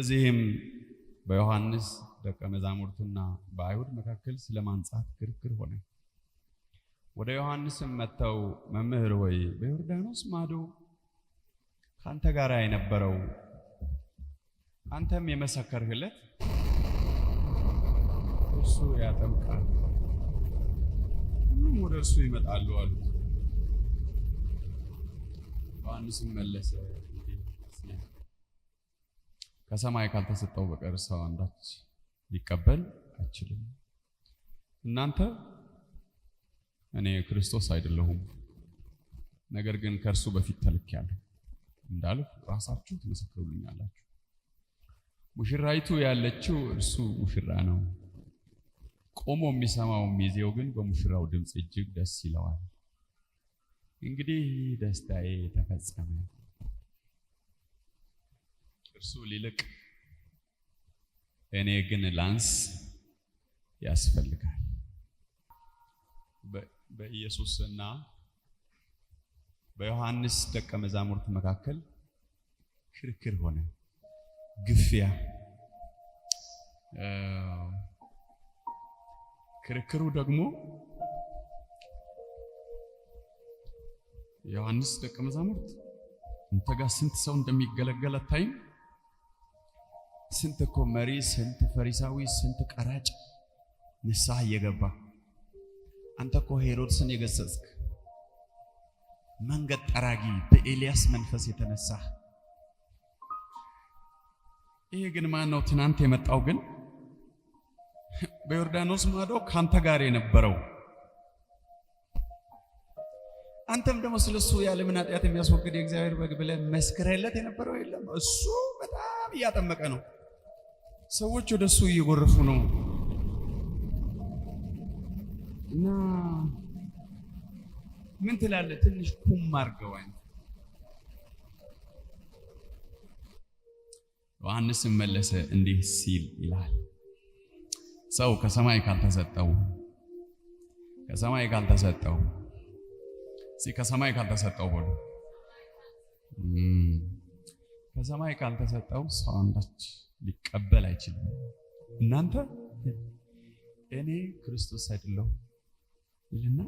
ስለዚህም በዮሐንስ ደቀ መዛሙርቱና በአይሁድ መካከል ስለ ማንጻት ክርክር ሆነ። ወደ ዮሐንስም መጥተው መምህር ሆይ በዮርዳኖስ ማዶ ከአንተ ጋር የነበረው አንተም የመሰከርህለት እርሱ ያጠምቃል፣ ሁሉም ወደ እርሱ ይመጣሉ አሉት። ዮሐንስም መለሰ ከሰማይ ካልተሰጠው በቀር ሰው አንዳች ሊቀበል አይችልም። እናንተ እኔ ክርስቶስ አይደለሁም፣ ነገር ግን ከእርሱ በፊት ተልኬያለሁ እንዳልሁ ራሳችሁ ትመሰክሩልኛላችሁ። ሙሽራይቱ ያለችው እርሱ ሙሽራ ነው። ቆሞ የሚሰማው ሚዜው ግን በሙሽራው ድምፅ እጅግ ደስ ይለዋል። እንግዲህ ደስታዬ ተፈጸመ እርሱ ሊልቅ እኔ ግን ላንስ ያስፈልጋል። በኢየሱስ እና በዮሐንስ ደቀ መዛሙርት መካከል ክርክር ሆነ፣ ግፊያ። ክርክሩ ደግሞ ዮሐንስ ደቀ መዛሙርት እንተጋ ስንት ሰው እንደሚገለገል አታይም? ስንት እኮ መሪ፣ ስንት ፈሪሳዊ፣ ስንት ቀራጭ ንስሐ እየገባ አንተ እኮ ሄሮድስን የገሰጽክ መንገድ ጠራጊ በኤልያስ መንፈስ የተነሳ ይሄ ግን ማን ነው? ትናንት የመጣው ግን በዮርዳኖስ ማዶ ካንተ ጋር የነበረው አንተም ደግሞ ስለ እሱ የዓለምን ኃጢአት የሚያስወግድ የእግዚአብሔር በግ ብለህ መስክረለት የነበረው የለም። እሱ በጣም እያጠመቀ ነው። ሰዎች ወደ እሱ እየጎረፉ ነው እና ምን ትላለህ? ትንሽ ኩም አድርገዋል። ዮሐንስም መለሰ እንዲህ ሲል ይላል፣ ሰው ከሰማይ ካልተሰጠው ከሰማይ ካልተሰጠው እስኪ ከሰማይ ካልተሰጠው ብሎ ከሰማይ ካልተሰጠው ሰው አንዳች ሊቀበል አይችልም። እናንተ እኔ ክርስቶስ አይደለሁ ይልና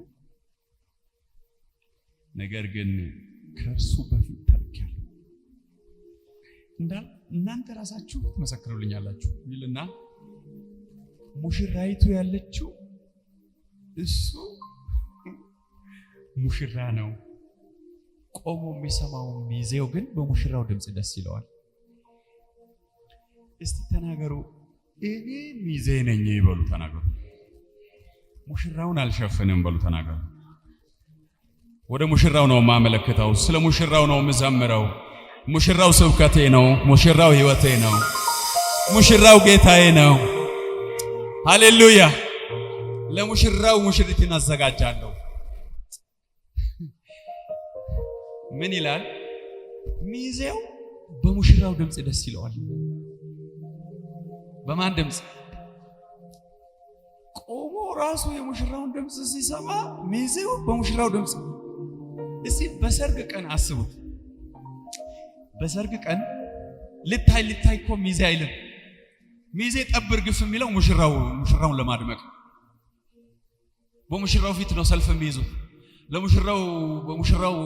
ነገር ግን ከእርሱ በፊት ተልኬያለሁ እንዳል እናንተ ራሳችሁ ትመሰክሩልኛላችሁ ይልና ሙሽራይቱ ያለችው እሱ ሙሽራ ነው። ቆሞ የሚሰማው ሚዜው ግን በሙሽራው ድምፅ ደስ ይለዋል። እስቲ ተናገሩ። እኔ ሚዜ ነኝ ይበሉ ተናገሩ። ሙሽራውን አልሸፍንም በሉ ተናገሩ። ወደ ሙሽራው ነው የማመለክተው። ስለ ሙሽራው ነው የምዘምረው። ሙሽራው ስብከቴ ነው። ሙሽራው ህይወቴ ነው። ሙሽራው ጌታዬ ነው። ሃሌሉያ! ለሙሽራው ሙሽሪትን አዘጋጃለሁ። ምን ይላል? ሚዜው በሙሽራው ድምፅ ደስ ይለዋል። በማን ድምፅ ቆሞ ራሱ የሙሽራውን ድምፅ ሲሰማ ሚዜው በሙሽራው ድምፅ። እስቲ በሰርግ ቀን አስቡት። በሰርግ ቀን ልታይ ልታይ እኮ ሚዜ አይልም። ሚዜ ጠብ እርግፍ የሚለው ሙሽራው ሙሽራውን ለማድመቅ በሙሽራው ፊት ነው ሰልፍ የሚይዙት። ለሙሽራው በሙሽራው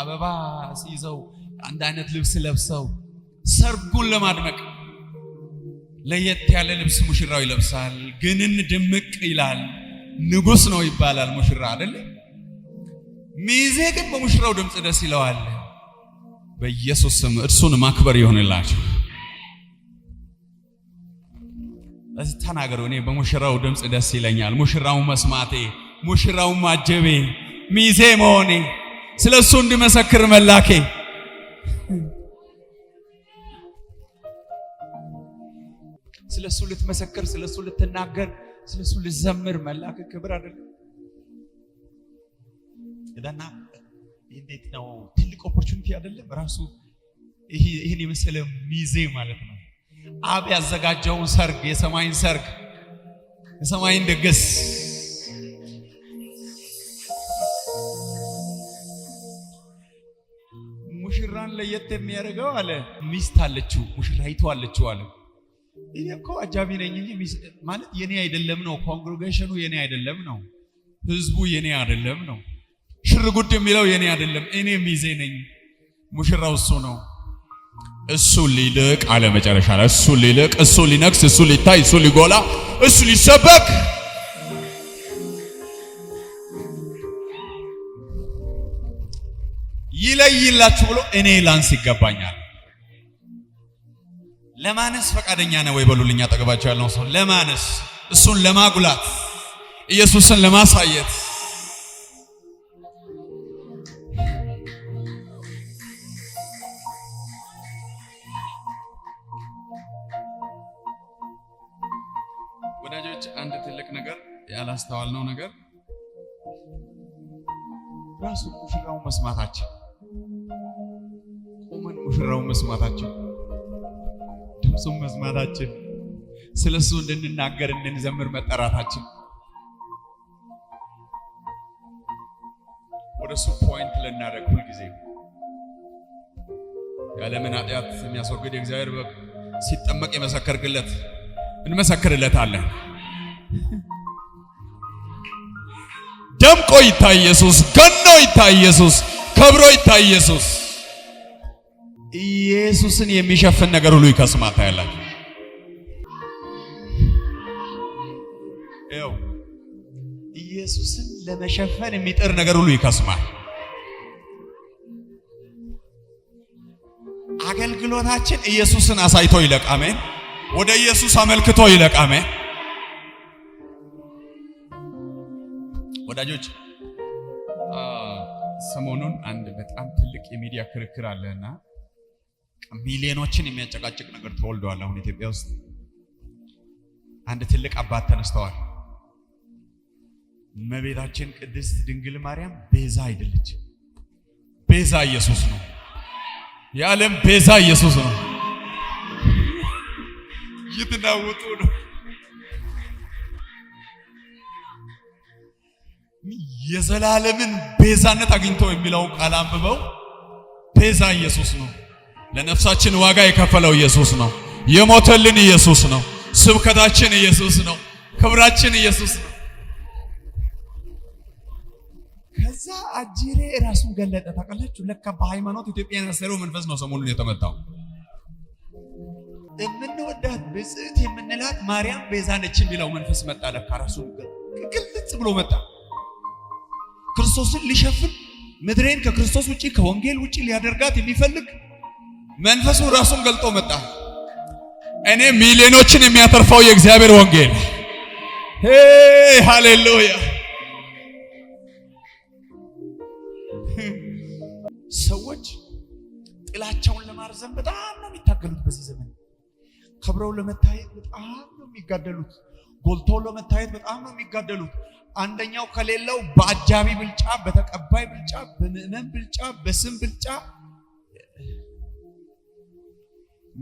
አበባ ሲይዘው አንድ አይነት ልብስ ለብሰው ሰርጉን ለማድመቅ ለየት ያለ ልብስ ሙሽራው ይለብሳል። ግንን ድምቅ ይላል። ንጉሥ ነው ይባላል ሙሽራ አይደል? ሚዜ ግን በሙሽራው ድምፅ ደስ ይለዋል። በኢየሱስ ስም እርሱን ማክበር ይሆንላችሁ። እዚህ ተናገሩ። እኔ በሙሽራው ድምፅ ደስ ይለኛል። ሙሽራው መስማቴ፣ ሙሽራው ማጀቤ፣ ሚዜ መሆኔ፣ ስለሱ እንድመሰክር መላኬ ስለ እሱ ልትመሰክር፣ ስለ እሱ ልትናገር፣ ስለ እሱ ልዘምር መላክ ክብር አይደለም። እና እንዴት ነው ትልቅ ኦፖርቹኒቲ አይደለም? ራሱ ይህን የመሰለ ሚዜ ማለት ነው። አብ ያዘጋጀውን ሰርግ፣ የሰማይን ሰርግ፣ የሰማይን ድግስ ሙሽራን ለየት የሚያደርገው አለ ሚስት አለችው ሙሽራይቱ አለችው አለ እኔ እኮ አጃቢ ነኝ እንጂ ማለት የኔ አይደለም ነው። ኮንግሬጌሽኑ የኔ አይደለም ነው። ህዝቡ የኔ አይደለም ነው። ሽርጉድ የሚለው የኔ አይደለም፣ እኔ ሚዜ ነኝ። ሙሽራው እሱ ነው። እሱ ሊልቅ አለ መጨረሻ ላይ እሱ ሊልቅ፣ እሱ ሊነግስ፣ እሱ ሊታይ፣ እሱ ሊጎላ፣ እሱ ሊሰበክ ይለይላችሁ ብሎ እኔ ላንስ ይገባኛል ለማነስ ፈቃደኛ ነው ወይ በሉልኛ። አጠገባቸው ያለው ሰው ለማነስ እሱን ለማጉላት ኢየሱስን ለማሳየት ወዳጆች፣ አንድ ትልቅ ነገር ያላስተዋልነው ነገር ራሱ ሙሽራው መስማታችን፣ ቆመን ሙሽራው መስማታችን አይደለም እሱም መስማታችን፣ ስለ እሱ እንድንናገር እንድንዘምር መጠራታችን። ወደ እሱ ፖይንት ልናደርግ ሁልጊዜ ያለምን ኃጢአት የሚያስወግድ የእግዚአብሔር ሲጠመቅ የመሰከርግለት እንመሰክርለታለን። ደምቆ ይታይ ኢየሱስ፣ ገኖ ይታይ ኢየሱስ፣ ከብሮ ይታይ ኢየሱስ። ኢየሱስን የሚሸፍን ነገር ሁሉ ይከስማል። ታያላችሁ። ይኸው ኢየሱስን ለመሸፈን የሚጥር ነገር ሁሉ ይከስማል። አገልግሎታችን ኢየሱስን አሳይቶ ይለቃመን፣ ወደ ኢየሱስ አመልክቶ ይለቃመን። ወዳጆች ሰሞኑን አንድ በጣም ትልቅ የሚዲያ ክርክር አለና ሚሊዮኖችን የሚያጨቃጭቅ ነገር ተወልደዋል። አሁን ኢትዮጵያ ውስጥ አንድ ትልቅ አባት ተነስተዋል። እመቤታችን ቅድስት ድንግል ማርያም ቤዛ አይደለች። ቤዛ ኢየሱስ ነው። የዓለም ቤዛ ኢየሱስ ነው። ይትናወጡ ነው። የዘላለምን ቤዛነት አግኝተው የሚለው ቃል አንብበው ቤዛ ኢየሱስ ነው። ለነፍሳችን ዋጋ የከፈለው ኢየሱስ ነው። የሞተልን ኢየሱስ ነው። ስብከታችን ኢየሱስ ነው። ክብራችን ኢየሱስ ነው። ከዛ አጅሬ ራሱን ገለጠ። ታውቃላችሁ፣ ለካ በሃይማኖት ኢትዮጵያ ያሰረው መንፈስ ነው ሰሞኑን የተመጣው። የምንወዳት ብጽዕት የምንላት ማርያም ቤዛ ነች የሚለው መንፈስ መጣ። ለካ ራሱ ግልጽ ብሎ መጣ። ክርስቶስን ሊሸፍን ምድሬን ከክርስቶስ ውጪ ከወንጌል ውጪ ሊያደርጋት የሚፈልግ መንፈሱ ራሱን ገልጦ መጣ። እኔ ሚሊዮኖችን የሚያተርፋው የእግዚአብሔር ወንጌል ሄይ፣ ሃሌሉያ! ሰዎች ጥላቸውን ለማርዘም በጣም ነው የሚታገሉት። በዚህ ዘመን ከብረው ለመታየት በጣም ነው የሚጋደሉት። ጎልተው ለመታየት በጣም ነው የሚጋደሉት። አንደኛው ከሌለው በአጃቢ ብልጫ፣ በተቀባይ ብልጫ፣ በምዕመን ብልጫ፣ በስም ብልጫ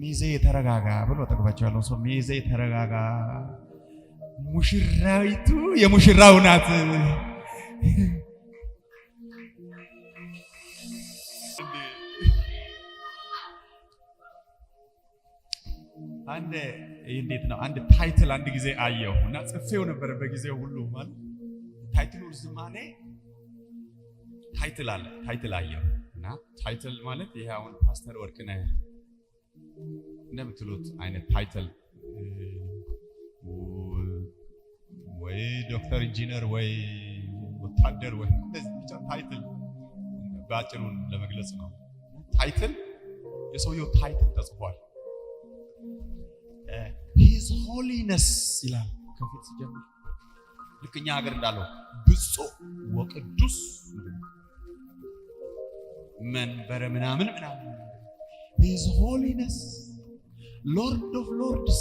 ሚዜ ተረጋጋ ብሎ ጠቅባቸዋለሁ። ሰው ሚዜ ተረጋጋ፣ ሙሽራዊቱ የሙሽራው ናት። አንድ እንዴት ነው አንድ ታይትል አንድ ጊዜ አየሁ እና ጽፌው ነበር በጊዜው ሁሉ ማለት ታይትሉ ዝማኔ ታይትል አለ ታይትል አየሁ እና ታይትል ማለት ይሄ አሁን ፓስተር ወርቅነህ እንደምትሉት አይነት ታይትል ወይ ዶክተር ኢንጂነር ወይ ወታደር ወይ ብቻ ታይትል በአጭሩን ለመግለጽ ነው። ታይትል የሰውየው ታይትል ተጽፏል። ሂዝ ሆሊነስ ይላል ከፊት ሲጀምር ልክ እኛ ሀገር እንዳለው ብፁዕ ወቅዱስ መንበረ ምናምን ምናምን ሂዝ ሆሊነስ ሎርድ ኦፍ ሎርድስ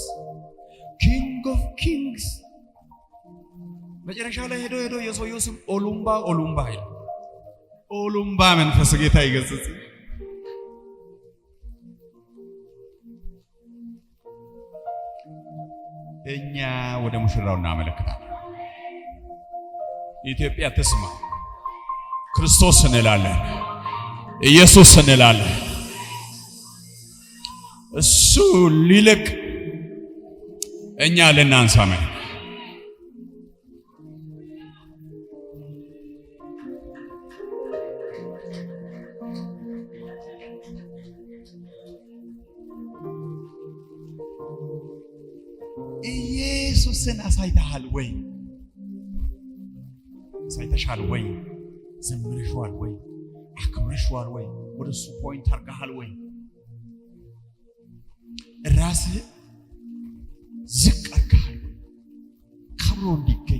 ኪንግ ኦፍ ኪንግስ። መጨረሻ ላይ ሄዶ ሄዶ የሰውየው ስም ኦሉምባ ኦሉምባ ይል ኦሉምባ መንፈስ ጌታ ይገስጽ። እኛ ወደ ሙሽራው እናመለክታለን። ኢትዮጵያ ትስማ፣ ክርስቶስ እንላለን፣ ኢየሱስ እንላለን። እሱ ሊልክ እኛ ልናንሳመ ኢየሱስን አሳይተሃል ወይ? አሳይተሻል ወይ? ዘምርሽዋል ወይ? አክብርሽዋል ወይ? ወደሱ ፖይንት አርጋሃል ወይ? ራስህ ዝቅ አርካሃል ክብሮ እንዲገኝ